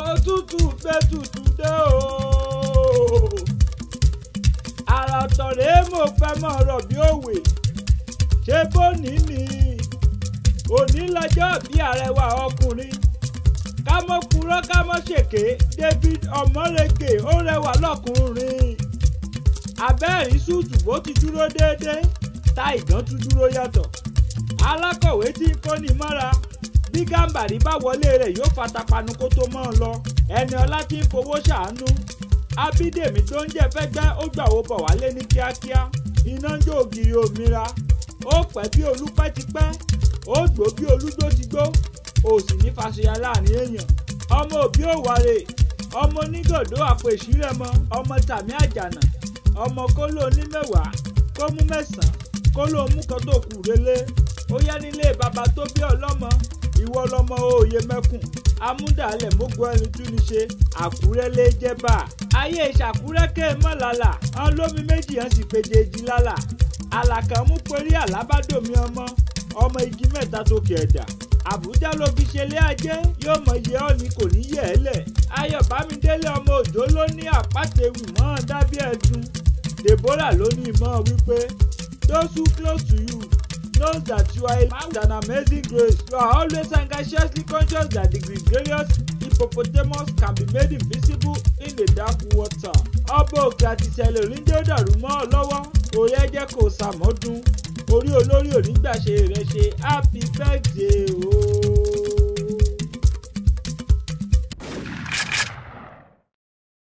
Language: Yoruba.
òtútù fẹ́ tutù dé o àrà ọ̀tọ̀ rèé mo fẹ́ mọ̀ ọ̀rọ̀ bí òwe ṣé bóní ni òní lọ́jọ́ bí àrẹwà ọkùnrin ká mọ́ purọ́ ká mọ́ ṣèké David Ọmọrege ó rẹwà lọ́kùnrin abẹ́rìn ṣùtù bó ti dúró déédéé ta ìdán tún dúró yàtọ̀ alákọ̀wé tí ń kóni mọ́ra bí Gàmbàrí bá wọlé rẹ̀ yóò fatapanu kó tó mọ́ ọ lọ ẹni ọlá tí ń fowó ṣàánú Abídèmí tó ń jẹ́ fẹ́gbẹ́ ó gbà wo bọ̀ wálé ní kíákíá iná ń jó ògiri òmìnira ó pẹ́ bí olúpẹ́ ti pẹ́ ó gbó bí olúgbó ti gbó òsì ní fàṣeyà láàrin èèyàn ọmọ òbí òwàrè ọmọ onígòdó àpò ìṣírẹmọ ọmọ tàmí àjànà ọmọ kóló onímẹwàá kó mú mẹ́sàn-án kóló mú kan tó kù relé ó yá nílé bàbá tó bí ọlọ́mọ ọmọ òye mẹ́kùn amúdàálẹ̀ mógún ẹni tún ní ṣe àkúrẹ́ lé jẹ́bà ayé ìṣàkúrẹ́ kéè mọ́ lálà ọ̀n lómi méjì hàn sì péjèèjì lálà àlàkàn mú perí àlábàdòmí ọmọ ọmọ igi mẹ́ta tókè ẹ̀dà àbújá ló fi ṣẹlẹ̀ ajé yóò mọ iye ọ̀nì kò ní yẹ̀ ẹ́ lẹ̀ ayọ̀ bámidélé ọmọ òjò ló ní àpàtẹ́wì mọ́ dábí ẹ̀dùn deborah ló ní ìmọ̀ wípé those close to you knows that you are a man with an amazing grace. You are always anxiously conscious that the gregarious hippopotamus can be made invisible in the dark water. ọba òkè àti ìṣẹ̀lẹ̀ òníjẹ́ ó dàrú mọ́ ọ lọ́wọ́ orí ẹ̀jẹ̀ kò sàmọ́dún orí olórí onígbàṣe rẹ̀ ṣe happy birthday.